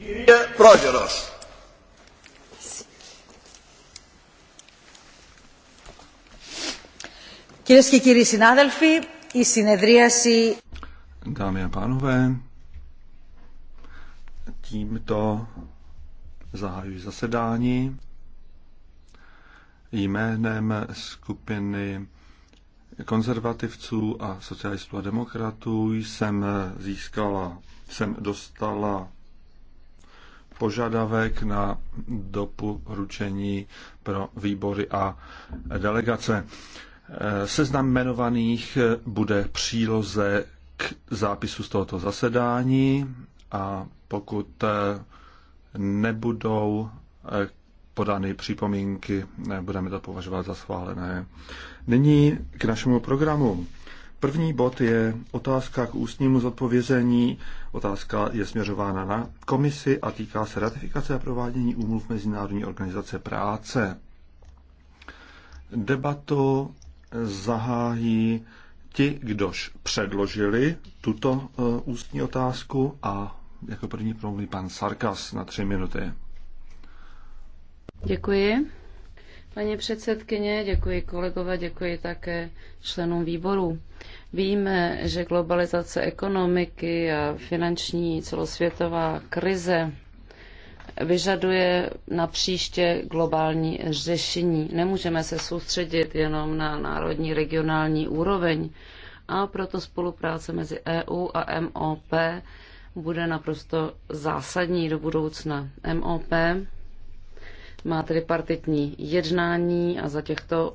κυρία Πρόεδρος. Κυρίες και κύριοι συνάδελφοι, η συνεδρίαση... Dámy a pánové, tímto zahajuji zasedání jménem skupiny konzervativců a socialistů a demokratů jsem získala, jsem dostala požadavek na doporučení pro výbory a delegace. Eh, seznam jmenovaných eh, bude příloze k zápisu z tohoto zasedání a pokud eh, nebudou podány připomínky, budeme to považovat za schválené. Nyní k našemu programu. První bod je otázka k ústnímu zodpovězení. Otázka je směřována na komisi a týká se ratifikace a provádění úmluv Mezinárodní organizace práce. Debatu zahájí ti, kdož předložili tuto eh, ústní otázku a jako první promluví pan Sarkas na tři minuty. Děkuji. Paní předsedkyně, děkuji kolegové, děkuji také členům výboru. Víme, že globalizace ekonomiky a finanční celosvětová krize vyžaduje na příště globální řešení. Nemůžeme se soustředit jenom na národní regionální úroveň a proto spolupráce mezi EU a MOP bude naprosto zásadní do budoucna. MOP má tedy partitní jednání a za těchto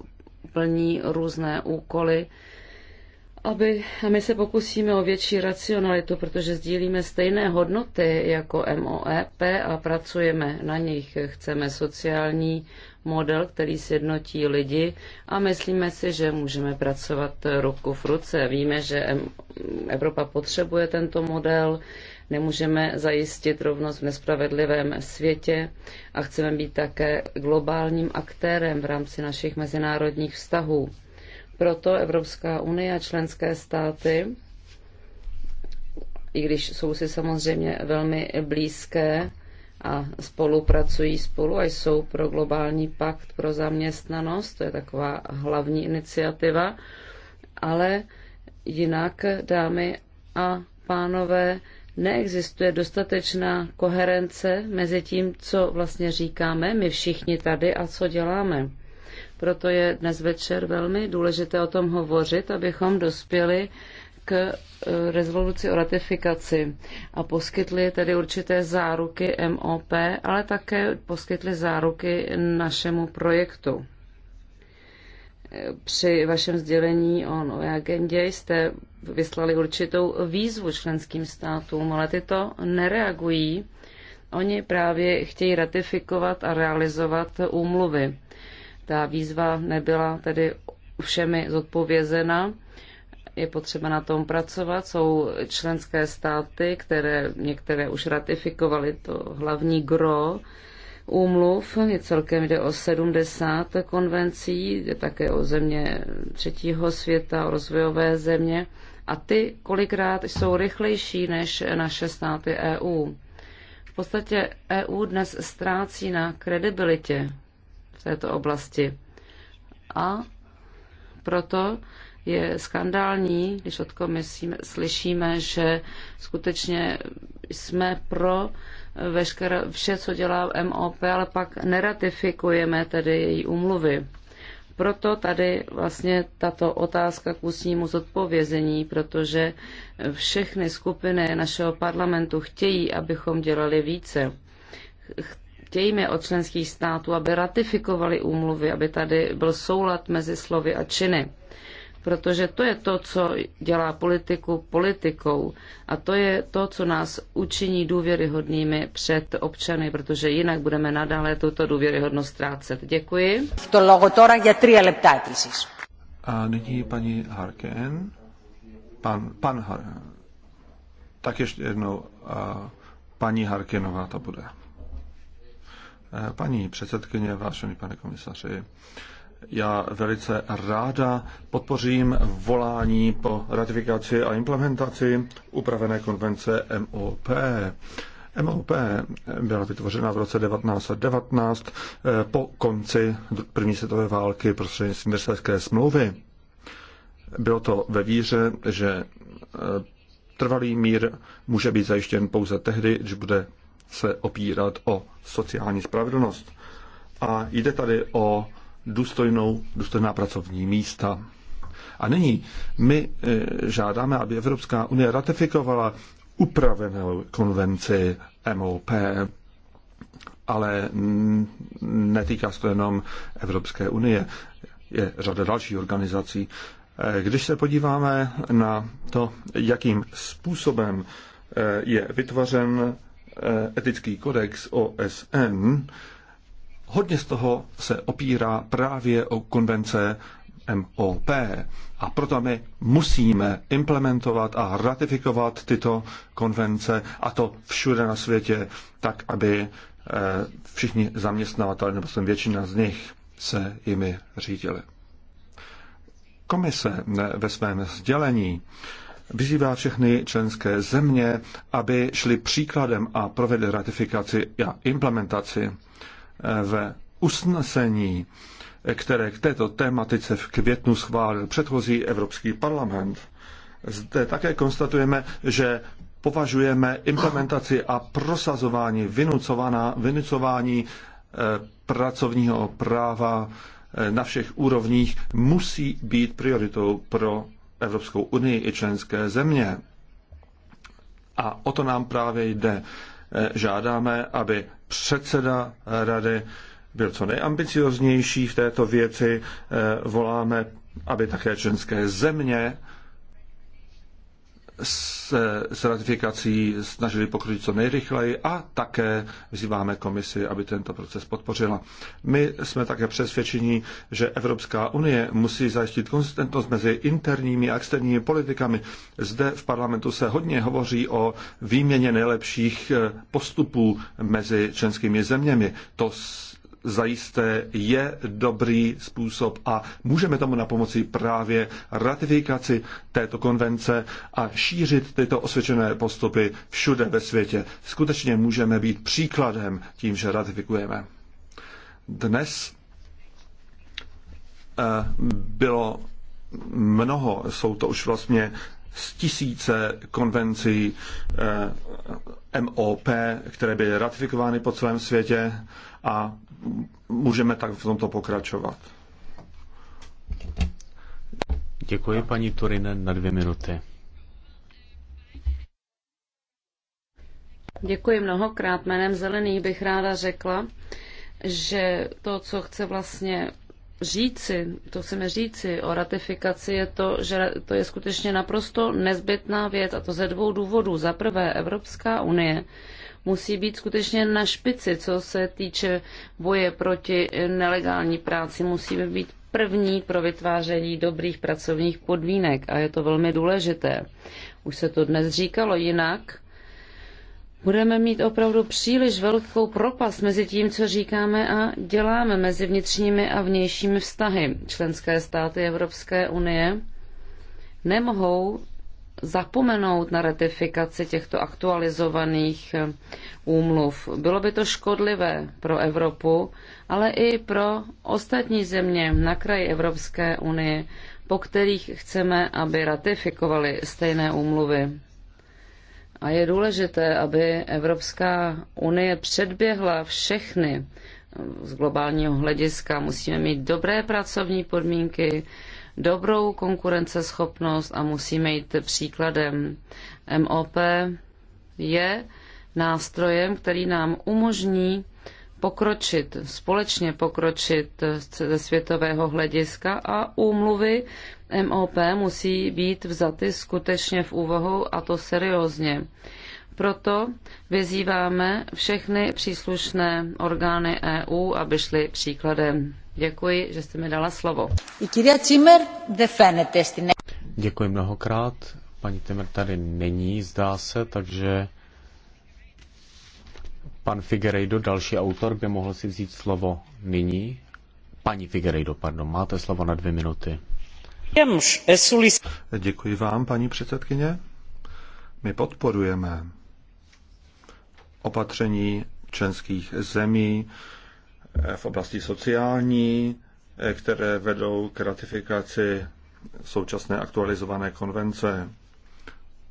plní různé úkoly. Aby, a my se pokusíme o větší racionalitu, protože sdílíme stejné hodnoty jako MOEP a pracujeme na nich. Chceme sociální model, který sjednotí lidi a myslíme si, že můžeme pracovat ruku v ruce. Víme, že Evropa potřebuje tento model, Nemůžeme zajistit rovnost v nespravedlivém světě a chceme být také globálním aktérem v rámci našich mezinárodních vztahů. Proto Evropská unie a členské státy, i když jsou si samozřejmě velmi blízké, a spolupracují spolu a jsou pro globální pakt pro zaměstnanost, to je taková hlavní iniciativa, ale jinak, dámy a pánové, neexistuje dostatečná koherence mezi tím, co vlastně říkáme my všichni tady a co děláme. Proto je dnes večer velmi důležité o tom hovořit, abychom dospěli k e, rezoluci o ratifikaci a poskytli tedy určité záruky MOP, ale také poskytli záruky našemu projektu při vašem sdělení o nové agendě jste vyslali určitou výzvu členským státům, ale tyto nereagují. Oni právě chtějí ratifikovat a realizovat úmluvy. Ta výzva nebyla tedy všemi zodpovězena. Je potřeba na tom pracovat. Jsou členské státy, které některé už ratifikovaly to hlavní gro úmluv, je celkem jde o 70 konvencí, jde také o země třetího světa, o rozvojové země a ty kolikrát jsou rychlejší než naše státy EU. V podstatě EU dnes ztrácí na kredibilitě v této oblasti a proto je skandální, když od komisí slyšíme, že skutečně jsme pro veškeré, vše, co dělá MOP, ale pak neratifikujeme tedy její umluvy. Proto tady vlastně tato otázka k ústnímu zodpovězení, protože všechny skupiny našeho parlamentu chtějí, abychom dělali více. Chtějme od členských států, aby ratifikovali úmluvy, aby tady byl soulad mezi slovy a činy protože to je to, co dělá politiku politikou a to je to, co nás učiní důvěryhodnými před občany, protože jinak budeme nadále tuto důvěryhodnost ztrácet. Děkuji. A nyní paní Harken. Pan, pan Har... Tak ještě jednou a paní Harkenová to bude. Eh, paní předsedkyně, vážený pane komisaři, já velice ráda podpořím volání po ratifikaci a implementaci upravené konvence MOP. MOP byla vytvořena v roce 1919 eh, po konci první světové války prostřednictvím Versailleské smlouvy. Bylo to ve víře, že eh, trvalý mír může být zajištěn pouze tehdy, když bude se opírat o sociální spravedlnost. A jde tady o důstojnou, důstojná pracovní místa. A nyní my eh, žádáme, aby Evropská unie ratifikovala upravenou konvenci MOP, ale netýká se to jenom Evropské unie. Je řada dalších organizací. Eh, když se podíváme na to, jakým způsobem eh, je vytvořen etický kodex OSN, Hodně z toho se opírá právě o konvence MOP. A proto my musíme implementovat a ratifikovat tyto konvence, a to všude na světě, tak, aby eh, všichni zaměstnavatelé, nebo jsem většina z nich, se jimi řídili. Komise eh, ve svém sdělení vyzývá všechny členské země, aby šli příkladem a provedli ratifikaci a implementaci v usnesení, které k této tématice v květnu schválil předchozí Evropský parlament. Zde také konstatujeme, že považujeme implementaci a prosazování vynucování e, pracovního práva e, na všech úrovních musí být prioritou pro Evropskou unii i členské země. A o to nám právě jde. E, žádáme, aby předseda rady byl co nejambicioznější v této věci. Eh, voláme, aby také členské země s, s ratifikací snažili pokročit co nejrychleji a také vyzýváme komisi, aby tento proces podpořila. My jsme také přesvědčeni, že Evropská unie musí zajistit konzistentnost mezi interními a externími politikami. Zde v parlamentu se hodně hovoří o výměně nejlepších postupů mezi členskými zeměmi. To zajisté je dobrý způsob a můžeme tomu na pomoci právě ratifikaci této konvence a šířit tyto osvědčené postupy všude ve světě. Skutečně můžeme být příkladem tím, že ratifikujeme. Dnes eh, bylo mnoho, jsou to už vlastně z tisíce konvencí eh, MOP, které byly ratifikovány po celém světě a můžeme tak v tomto pokračovat. Děkuji paní Turine na dvě minuty. Děkuji mnohokrát. Jménem Zelených bych ráda řekla, že to, co chce vlastně říci, to chceme říci o ratifikaci, je to, že to je skutečně naprosto nezbytná věc a to ze dvou důvodů. Za prvé, Evropská unie musí být skutečně na špici, co se týče boje proti nelegální práci. Musíme být první pro vytváření dobrých pracovních podmínek a je to velmi důležité. Už se to dnes říkalo jinak budeme mít opravdu příliš velkou propast mezi tím, co říkáme a děláme mezi vnitřními a vnějšími vztahy. Členské státy Evropské unie nemohou zapomenout na ratifikaci těchto aktualizovaných eh, úmluv. Bylo by to škodlivé pro Evropu, ale i pro ostatní země na kraji Evropské unie, po kterých chceme, aby ratifikovali stejné úmluvy. A je důležité, aby Evropská unie předběhla všechny eh, z globálního hlediska. Musíme mít dobré pracovní podmínky, dobrou konkurenceschopnost a musíme jít příkladem. MOP je nástrojem, který nám umožní pokročit, společně pokročit ze světového hlediska a úmluvy MOP musí být vzaty skutečně v úvahu a to seriózně. Proto vyzýváme všechny příslušné orgány EU, aby šly příkladem. Děkuji, že jste mi dala slovo. Děkuji mnohokrát. Paní Timmer tady není, zdá se, takže pan Figueiredo, další autor, by mohl si vzít slovo nyní. Paní Figueiredo, pardon, máte slovo na dvě minuty. Děkuji vám, paní předsedkyně. My podporujeme opatření členských zemí v oblasti sociální, které vedou k ratifikaci současné aktualizované konvence.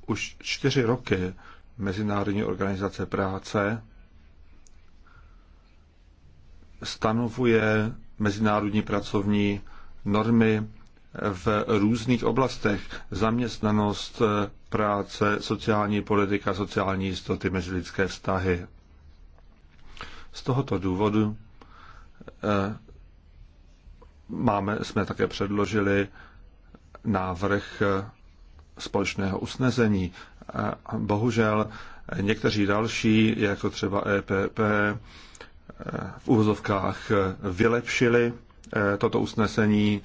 Už čtyři roky Mezinárodní organizace práce stanovuje mezinárodní pracovní normy v různých oblastech zaměstnanost, eh, práce, sociální politika, sociální jistoty, mezilidské vztahy. Z tohoto důvodu eh, máme, jsme také předložili návrh eh, společného usnesení. Bohužel někteří další, jako třeba EPP, v úvozovkách vylepšili toto usnesení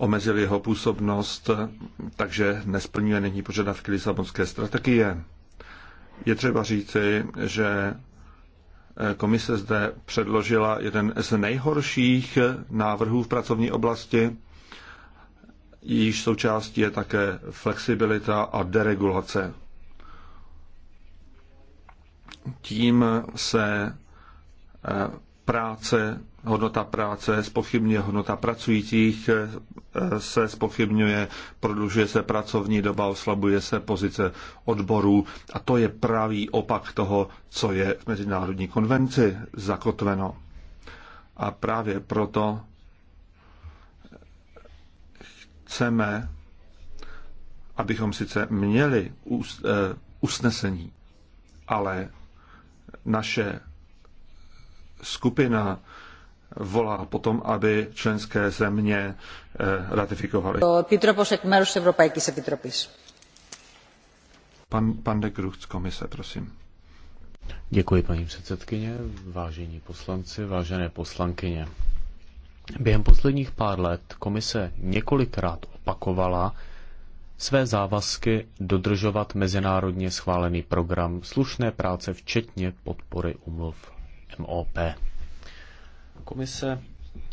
omezil jeho působnost, takže nesplňuje nyní požadavky Lisabonské strategie. Je třeba říci, že eh, komise zde předložila jeden z nejhorších návrhů v pracovní oblasti. Jejíž součástí je také flexibilita a deregulace. Tím se eh, práce, hodnota práce, spochybňuje hodnota pracujících, eh, se spochybňuje, prodlužuje se pracovní doba, oslabuje se pozice odborů a to je pravý opak toho, co je v Mezinárodní konvenci zakotveno. A právě proto chceme, abychom sice měli eh, usnesení, ale naše skupina volá potom, aby členské země eh, ratifikovaly. Pan, pan de z komise, prosím. Děkuji, paní předsedkyně, vážení poslanci, vážené poslankyně. Během posledních pár let komise několikrát opakovala své závazky dodržovat mezinárodně schválený program slušné práce, včetně podpory umluv MOP. Komise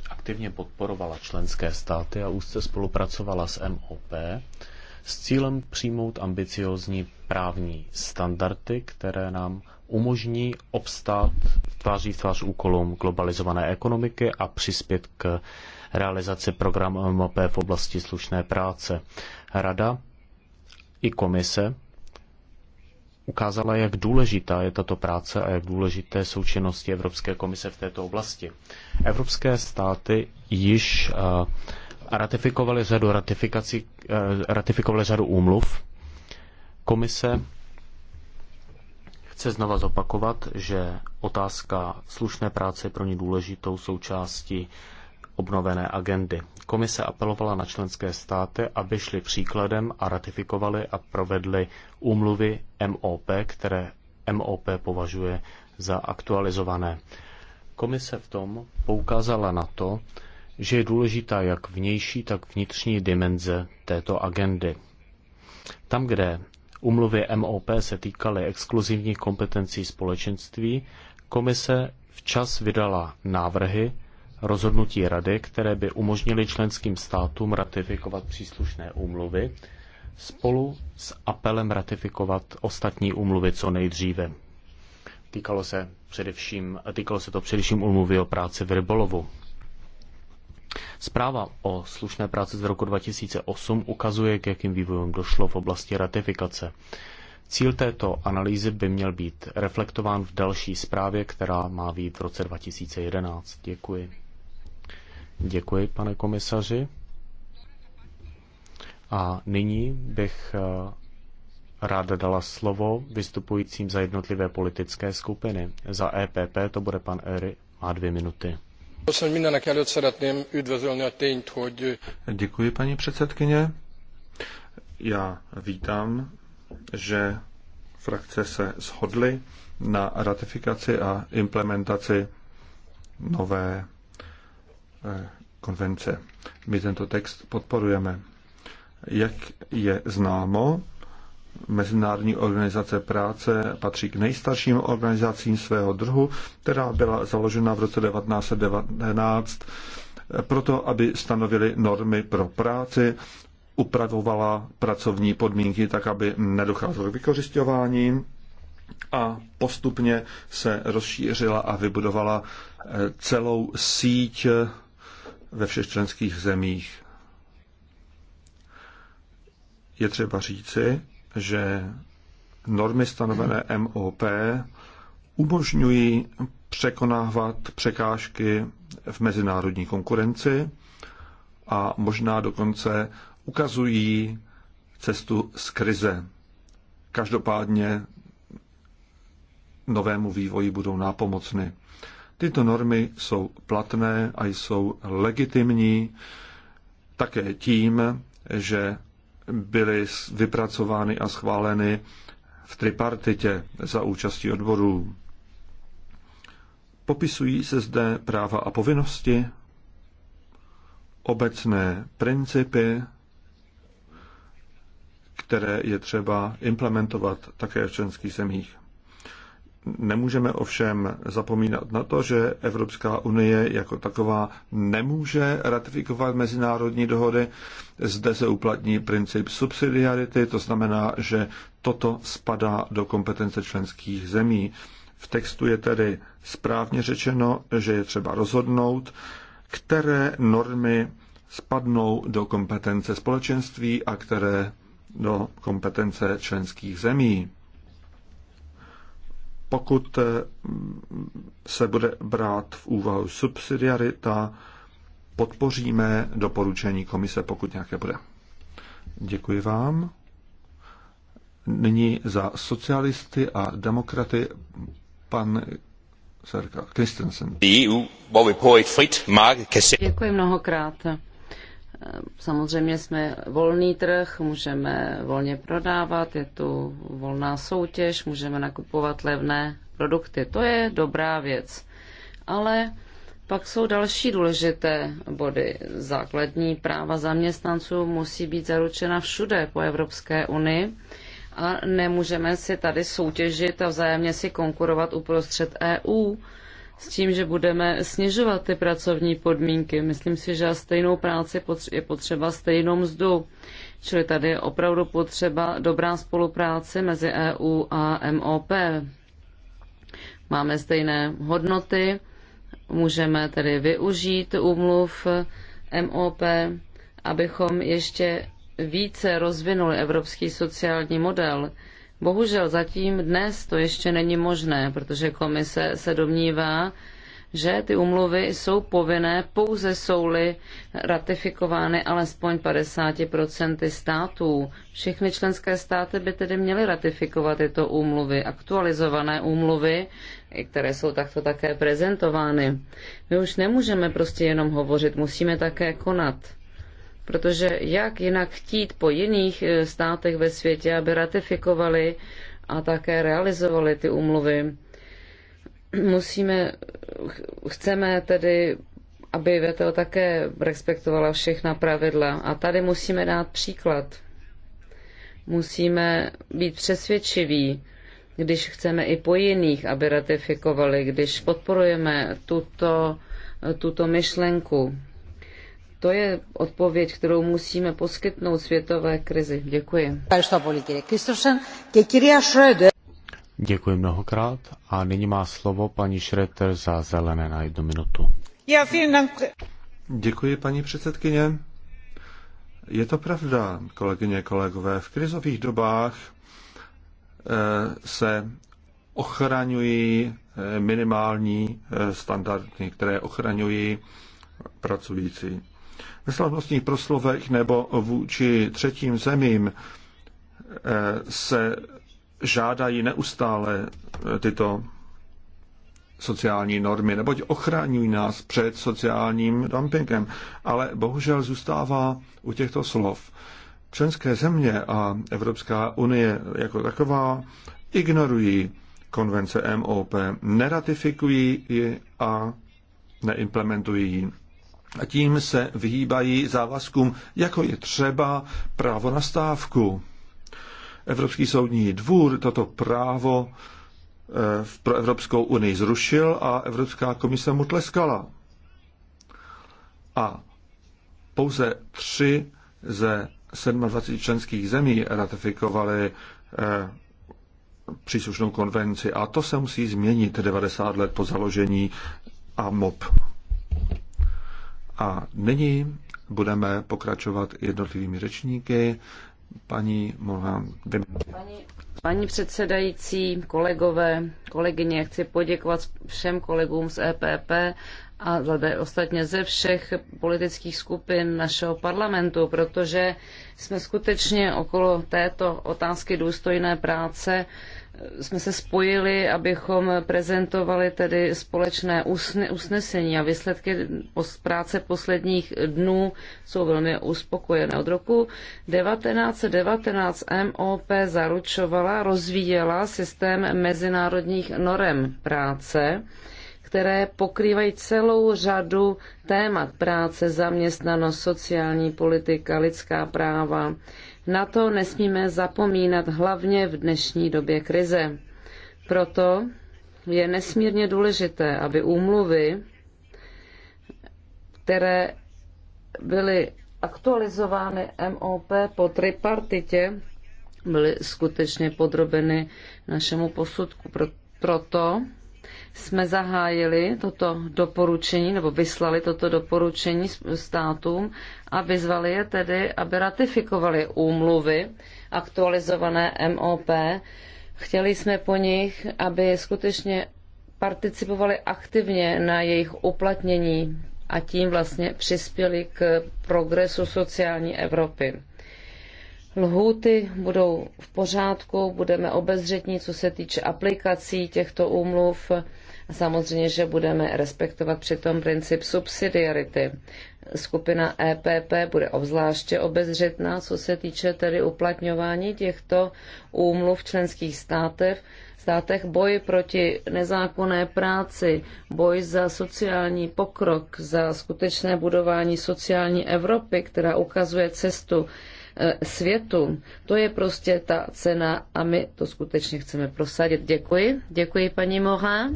aktivně podporovala členské státy a úzce spolupracovala s MOP s cílem přijmout ambiciozní právní standardy, které nám umožní obstát tváří v tvář úkolům globalizované ekonomiky a přispět k realizaci programu MOP v oblasti slušné práce. Rada i komise ukázala, jak důležitá je tato práce a jak důležité jsou činnosti Evropské komise v této oblasti. Evropské státy již eh, ratifikovaly řadu, eh, ratifikovaly řadu úmluv. Komise chce znova zopakovat, že otázka slušné práce je pro ní důležitou součástí obnovené agendy. Komise apelovala na členské státy, aby šli příkladem a ratifikovali a provedli úmluvy MOP, které MOP považuje za aktualizované. Komise v tom poukázala na to, že je důležitá jak vnější, tak vnitřní dimenze této agendy. Tam, kde umluvy MOP se týkaly exkluzivních kompetencí společenství, komise včas vydala návrhy, rozhodnutí Rady, které by umožnily členským státům ratifikovat příslušné úmluvy, spolu s apelem ratifikovat ostatní úmluvy co nejdříve. Týkalo se, především, týkalo se to především úmluvy o práci v rybolovu. Zpráva o slušné práci z roku 2008 ukazuje, k jakým vývojům došlo v oblasti ratifikace. Cíl této analýzy by měl být reflektován v další zprávě, která má být v roce 2011. Děkuji. Děkuji, pane komisaři. A nyní bych eh, ráda dala slovo vystupujícím za jednotlivé politické skupiny. Za EPP to bude pan Ery, má dvě minuty. Děkuji, paní předsedkyně. Já vítám, že frakce se shodly na ratifikaci a implementaci nové Eh, konvence. My tento text podporujeme. Jak je známo, Mezinárodní organizace práce patří k nejstarším organizacím svého druhu, která byla založena v roce 1919 proto, aby stanovili normy pro práci, upravovala pracovní podmínky tak, aby nedocházelo k vykořišťování a postupně se rozšířila a vybudovala eh, celou síť ve všech členských zemích. Je třeba říci, že normy stanovené MOP umožňují překonávat překážky v mezinárodní konkurenci a možná dokonce ukazují cestu z krize. Každopádně novému vývoji budou nápomocny. Tyto normy jsou platné a jsou legitimní také tím, že byly vypracovány a schváleny v tripartitě za účastí odborů. Popisují se zde práva a povinnosti, obecné principy, které je třeba implementovat také v členských zemích. Nemůžeme ovšem zapomínat na to, že Evropská unie jako taková nemůže ratifikovat mezinárodní dohody. Zde se uplatní princip subsidiarity, to znamená, že toto spadá do kompetence členských zemí. V textu je tedy správně řečeno, že je třeba rozhodnout, které normy spadnou do kompetence společenství a které do kompetence členských zemí pokud eh, se bude brát v úvahu subsidiarita, podpoříme doporučení komise, pokud nějaké bude. Děkuji vám. Nyní za socialisty a demokraty pan Serka Christensen. E Děkuji mnohokrát Eh, samozřejmě jsme volný trh, můžeme volně prodávat, je tu volná soutěž, můžeme nakupovat levné produkty. To je dobrá věc. Ale pak jsou další důležité body. Základní práva zaměstnanců musí být zaručena všude po Evropské unii a nemůžeme si tady soutěžit a vzájemně si konkurovat uprostřed EU s tím, že budeme snižovat ty pracovní podmínky. Myslím si, že stejnou práci je potřeba stejnou mzdu. Čili tady je opravdu potřeba dobrá spolupráce mezi EU a MOP. Máme stejné hodnoty, můžeme tedy využít úmluv MOP, abychom ještě více rozvinuli evropský sociální model. Bohužel zatím dnes to ještě není možné, protože komise se domnívá, že ty umluvy jsou povinné pouze jsou-li ratifikovány alespoň 50% států. Všechny členské státy by tedy měly ratifikovat tyto úmluvy, aktualizované úmluvy, které jsou takto také prezentovány. My už nemůžeme prostě jenom hovořit, musíme také konat protože jak jinak chtít po jiných eh, státech ve světě, aby ratifikovali a také realizovali ty úmluvy. Musíme, chceme tedy, aby VTO také respektovala všechna pravidla a tady musíme dát příklad. Musíme být přesvědčiví, když chceme i po jiných, aby ratifikovali, když podporujeme tuto, tuto myšlenku to je odpověď, kterou musíme poskytnout světové krizi. Děkuji. Děkuji mnohokrát a nyní má slovo paní Schroeter za zelené na jednu minutu. Děkuji, paní předsedkyně. Je to pravda, kolegyně, kolegové. V krizových dobách eh, se ochraňují eh, minimální eh, standardy, které ochraňují pracující ve slavnostních proslovech nebo vůči třetím zemím eh, se žádají neustále eh, tyto sociální normy, neboť ochraňují nás před sociálním dumpingem, ale bohužel zůstává u těchto slov. Členské země a Evropská unie jako taková ignorují konvence MOP, neratifikují ji a neimplementují ji a tím se vyhýbají závazkům, jako je třeba právo na stávku. Evropský soudní dvůr toto právo eh, pro Evropskou unii zrušil a Evropská komise mu tleskala. A pouze tři ze 27 členských zemí ratifikovaly eh, příslušnou konvenci a to se musí změnit 90 let po založení AMOP. A nyní budeme pokračovat jednotlivými řečníky. Paní Mohan. Paní, paní předsedající, kolegové, kolegyně, chci poděkovat všem kolegům z EPP a zde ostatně ze všech politických skupin našeho parlamentu, protože jsme skutečně okolo této otázky důstojné práce jsme se spojili, abychom prezentovali tedy společné usnesení a výsledky práce posledních dnů jsou velmi uspokojené. Od roku 1919 MOP zaručovala, rozvíjela systém mezinárodních norem práce, které pokrývají celou řadu témat práce, zaměstnanost, sociální politika, lidská práva. Na to nesmíme zapomínat hlavně v dnešní době krize. Proto je nesmírně důležité, aby úmluvy, které byly aktualizovány MOP po tripartitě, byly skutečně podrobeny našemu posudku. Proto jsme zahájili toto doporučení, nebo vyslali toto doporučení státům a vyzvali je tedy, aby ratifikovali úmluvy aktualizované MOP. Chtěli jsme po nich, aby skutečně participovali aktivně na jejich uplatnění a tím vlastně přispěli k progresu sociální Evropy. Lhůty budou v pořádku, budeme obezřetní, co se týče aplikací těchto úmluv. Samozřejmě, že budeme respektovat přitom princip subsidiarity. Skupina EPP bude obzvláště obezřetná, co se týče tedy uplatňování těchto úmluv v členských státech, státech boj proti nezákonné práci, boj za sociální pokrok, za skutečné budování sociální Evropy, která ukazuje cestu Eh, světu. To je prostě ta cena a my to skutečně chceme prosadit. Děkuji. Děkuji, paní Moha.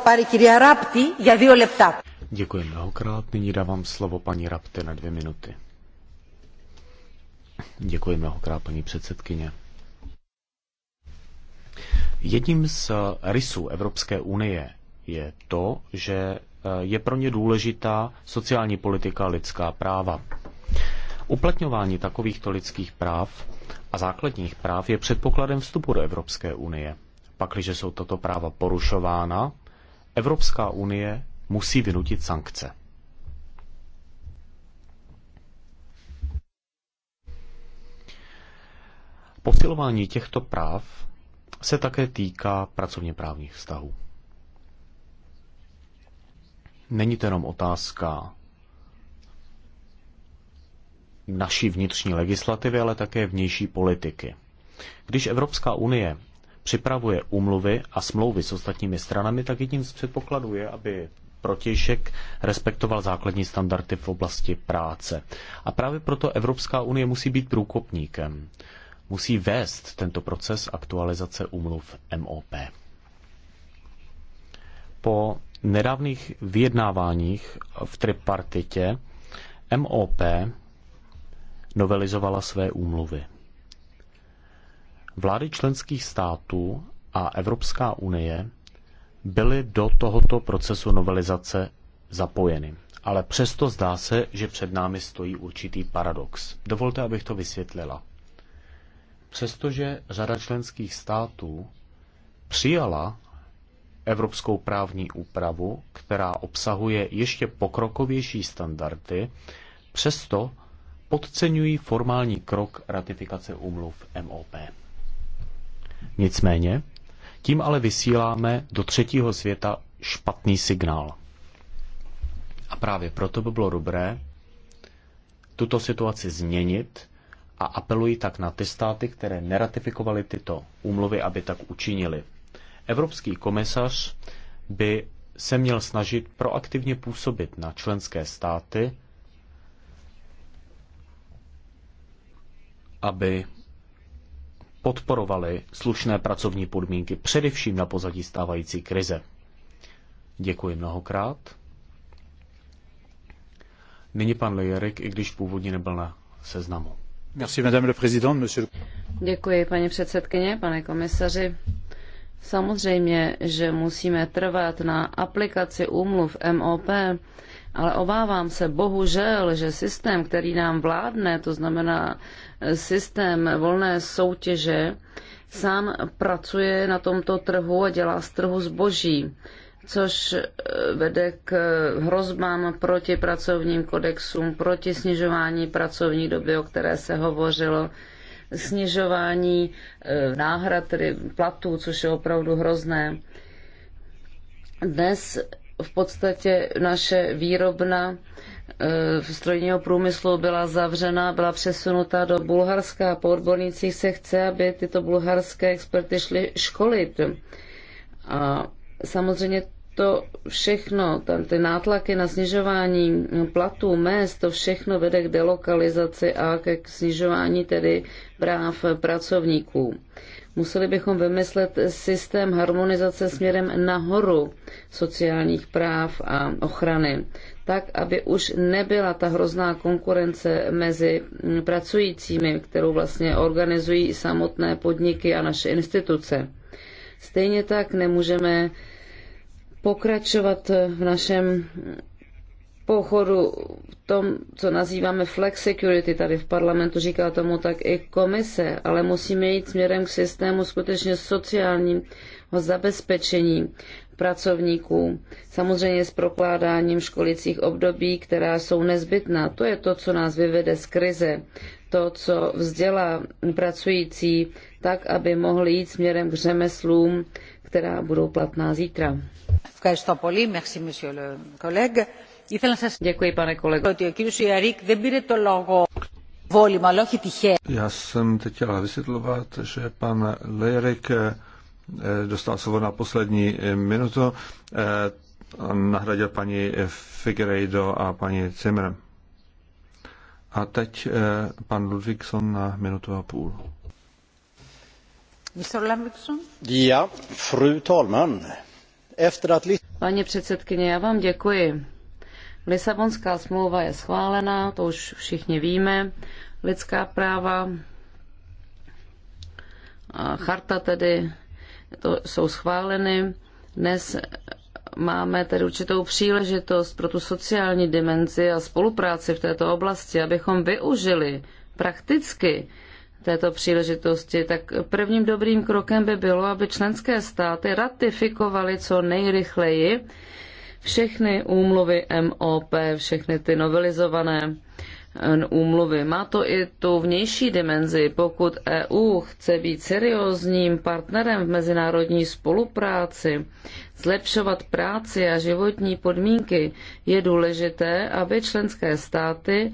Děkuji mnohokrát. Nyní dávám slovo paní Rapte na dvě minuty. Děkuji mnohokrát, paní předsedkyně. Jedním z rysů Evropské unie je to, že eh, je pro ně důležitá sociální politika a lidská práva. Uplatňování takovýchto lidských práv a základních práv je předpokladem vstupu do Evropské unie. Pakliže jsou tato práva porušována, Evropská unie musí vynutit sankce. Posilování těchto práv se také týká pracovně právních vztahů. Není to jenom otázka naší vnitřní legislativy, ale také vnější politiky. Když Evropská unie připravuje úmluvy a smlouvy s ostatními stranami, tak jedním z předpokladů je, aby protějšek respektoval základní standardy v oblasti práce. A právě proto Evropská unie musí být průkopníkem. Musí vést tento proces aktualizace úmluv MOP. Po nedávných vyjednáváních v tripartitě MOP novelizovala své úmluvy. Vlády členských států a Evropská unie byly do tohoto procesu novelizace zapojeny. Ale přesto zdá se, že před námi stojí určitý paradox. Dovolte, abych to vysvětlila. Přestože řada členských států přijala evropskou právní úpravu, která obsahuje ještě pokrokovější standardy, přesto podceňují formální krok ratifikace úmluv MOP. Nicméně, tím ale vysíláme do třetího světa špatný signál. A právě proto by bylo dobré tuto situaci změnit a apeluji tak na ty státy, které neratifikovaly tyto úmluvy, aby tak učinili. Evropský komisař by se měl snažit proaktivně působit na členské státy, aby podporovali slušné pracovní podmínky, především na pozadí stávající krize. Děkuji mnohokrát. Nyní pan Lejerik, i když původně nebyl na seznamu. Merci, madame le président, monsieur... Děkuji, paní předsedkyně, pane komisaři. Samozřejmě, že musíme trvat na aplikaci úmluv MOP, ale obávám se bohužel, že systém, který nám vládne, to znamená eh, systém volné soutěže, sám pracuje na tomto trhu a dělá z trhu zboží, což eh, vede k hrozbám proti pracovním kodexům, proti snižování pracovní doby, o které se hovořilo, snižování eh, náhrad, tedy platů, což je opravdu hrozné. Dnes v podstatě naše výrobna eh, v strojního průmyslu byla zavřena, byla přesunuta do Bulharska. Po odbornících se chce, aby tyto bulharské experty šly školit. A samozřejmě to všechno, tam ty nátlaky na snižování platů, mest, to všechno vede k delokalizaci a ke snižování tedy práv pracovníků. Museli bychom vymyslet systém harmonizace směrem nahoru sociálních práv a ochrany, tak, aby už nebyla ta hrozná konkurence mezi pracujícími, kterou vlastně organizují samotné podniky a naše instituce. Stejně tak nemůžeme pokračovat v našem pochodu v tom, co nazýváme flex security tady v parlamentu, říká tomu tak i komise, ale musíme jít směrem k systému skutečně sociálním zabezpečení pracovníků, samozřejmě s prokládáním školicích období, která jsou nezbytná. To je to, co nás vyvede z krize, to, co vzdělá pracující, tak, aby mohli jít směrem k řemeslům, která budou platná zítra. Děkuji pane kolego. Já jsem teď chtěla vysvětlovat, že pan Lejerek eh, dostal slovo na poslední eh, minutu. Eh, nahradil paní Figueiredo a paní Zimmer. A teď pan Ludvíkson na minutu a půl. Ja, fru talman. Efter att... Paní předsedkyně, já vám děkuji. Lisabonská smlouva je schválená, to už všichni víme, lidská práva, a charta tedy, to jsou schváleny. Dnes máme tedy určitou příležitost pro tu sociální dimenzi a spolupráci v této oblasti, abychom využili prakticky této příležitosti, tak prvním dobrým krokem by bylo, aby členské státy ratifikovaly co nejrychleji všechny úmluvy MOP, všechny ty novelizované úmluvy. Má to i tu vnější dimenzi. Pokud EU chce být seriózním partnerem v mezinárodní spolupráci, zlepšovat práci a životní podmínky, je důležité, aby členské státy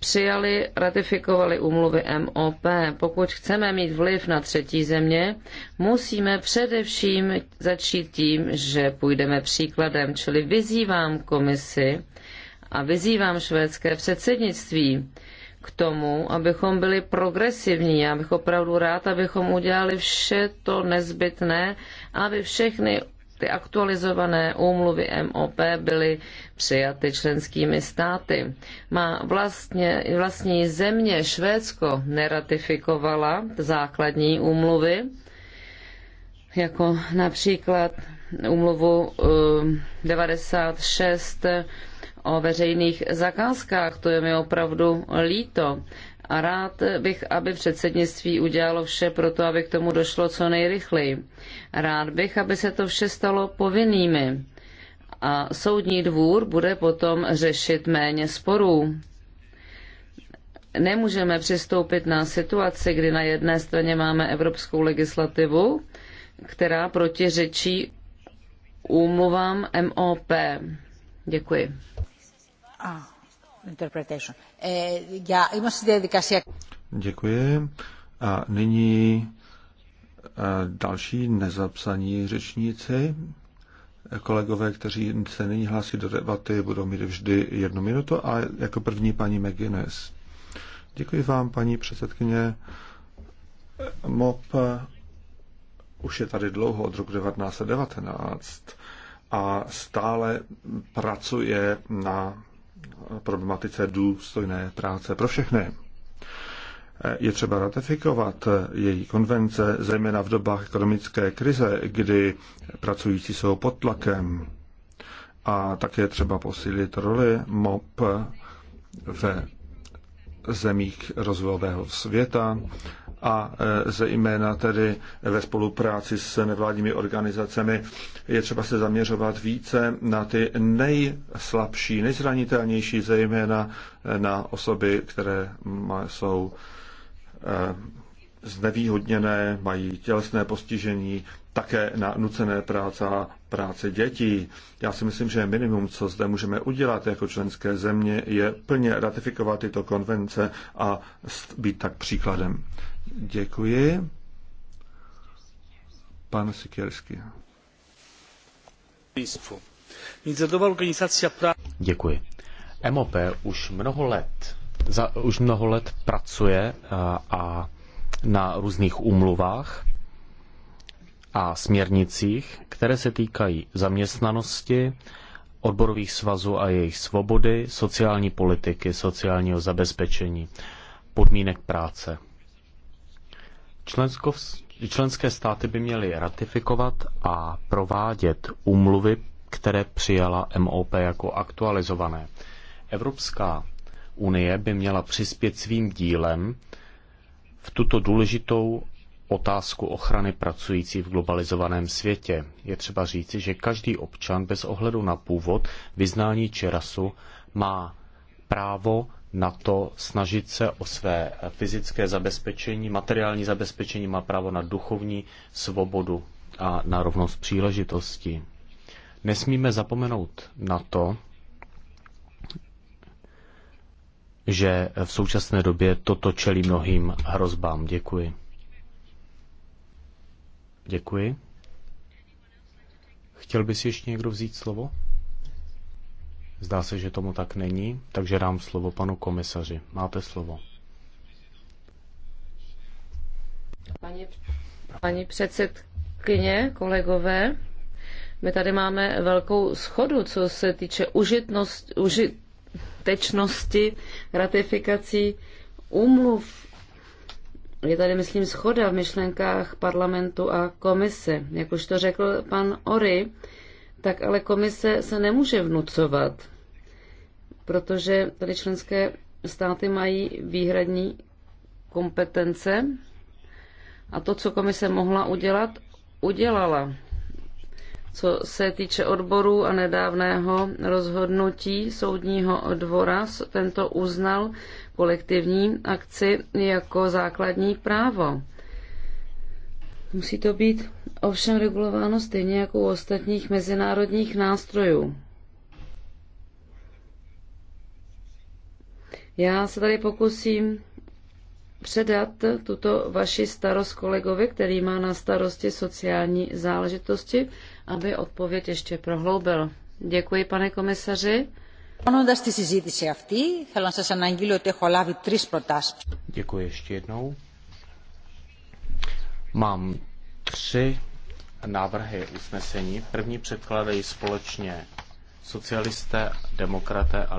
přijali, ratifikovali úmluvy MOP. Pokud chceme mít vliv na třetí země, musíme především začít tím, že půjdeme příkladem, čili vyzývám komisi, a vyzývám švédské předsednictví k tomu, abychom byli progresivní. Já bych opravdu rád, abychom udělali vše to nezbytné, aby všechny ty aktualizované úmluvy MOP byly přijaty členskými státy. Má vlastně, vlastní země Švédsko neratifikovala základní úmluvy, jako například úmluvu 96 eh, o veřejných zakázkách. To je mi opravdu líto. A rád bych, aby předsednictví udělalo vše pro to, aby k tomu došlo co nejrychleji. Rád bych, aby se to vše stalo povinnými. A soudní dvůr bude potom řešit méně sporů. Nemůžeme přistoupit na situaci, kdy na jedné straně máme evropskou legislativu, která protiřečí úmluvám MOP. Děkuji. Eh, a nyní eh, další nezapsaní řečníci. Kolegové, kteří se nyní hlásí do debaty, budou mít vždy jednu minutu a jako první paní McGuinness. Děkuji vám, paní předsedkyně. MOP eh, už je tady dlouho, od roku 1919 a stále pracuje na problematice důstojné práce pro všechny. Je třeba ratifikovat její konvence, zejména v dobách ekonomické krize, kdy pracující jsou pod tlakem. A také třeba posílit roli MOP ve zemích rozvojového světa a e, zejména tedy ve spolupráci s nevládními organizacemi je třeba se zaměřovat více na ty nejslabší, nejzranitelnější, zejména e, na osoby, které jsou e, znevýhodněné, mají tělesné postižení, také na nucené práce a práce dětí. Já si myslím, že minimum, co zde můžeme udělat jako členské země, je plně ratifikovat tyto konvence a být tak příkladem. Děkuji. Pan Sikersky. Děkuji. MOP už mnoho let, za, už mnoho let pracuje a, a na různých úmluvách a směrnicích, které se týkají zaměstnanosti, odborových svazů a jejich svobody, sociální politiky, sociálního zabezpečení, podmínek práce Členskov, členské státy by měly ratifikovat a provádět úmluvy, které přijala MOP jako aktualizované. Evropská unie by měla přispět svým dílem v tuto důležitou otázku ochrany pracující v globalizovaném světě. Je třeba říci, že každý občan bez ohledu na původ, vyznání či rasu má právo na to snažit se o své fyzické zabezpečení, materiální zabezpečení, má právo na duchovní svobodu a na rovnost příležitosti. Nesmíme zapomenout na to, že v současné době toto čelí mnohým hrozbám. Děkuji. Děkuji. Chtěl by si ještě někdo vzít slovo? Zdá se, že tomu tak není, takže dám slovo panu komisaři. Máte slovo. Paní, paní předsedkyně, kolegové, my tady máme velkou schodu, co se týče užitnost, užitečnosti ratifikací úmluv. Je tady, myslím, schoda v myšlenkách parlamentu a komise. Jak už to řekl pan Ory, tak ale komise se nemůže vnucovat protože tady členské státy mají výhradní kompetence a to, co komise mohla udělat, udělala. Co se týče odborů a nedávného rozhodnutí soudního dvora, tento uznal kolektivní akci jako základní právo. Musí to být ovšem regulováno stejně jako u ostatních mezinárodních nástrojů. Já se tady pokusím předat tuto vaši starost kolegovi, který má na starosti sociální záležitosti, aby odpověď ještě prohloubil. Děkuji, pane komisaři. Děkuji ještě jednou. Mám tři návrhy usnesení. První předkládají společně socialisté, demokraté a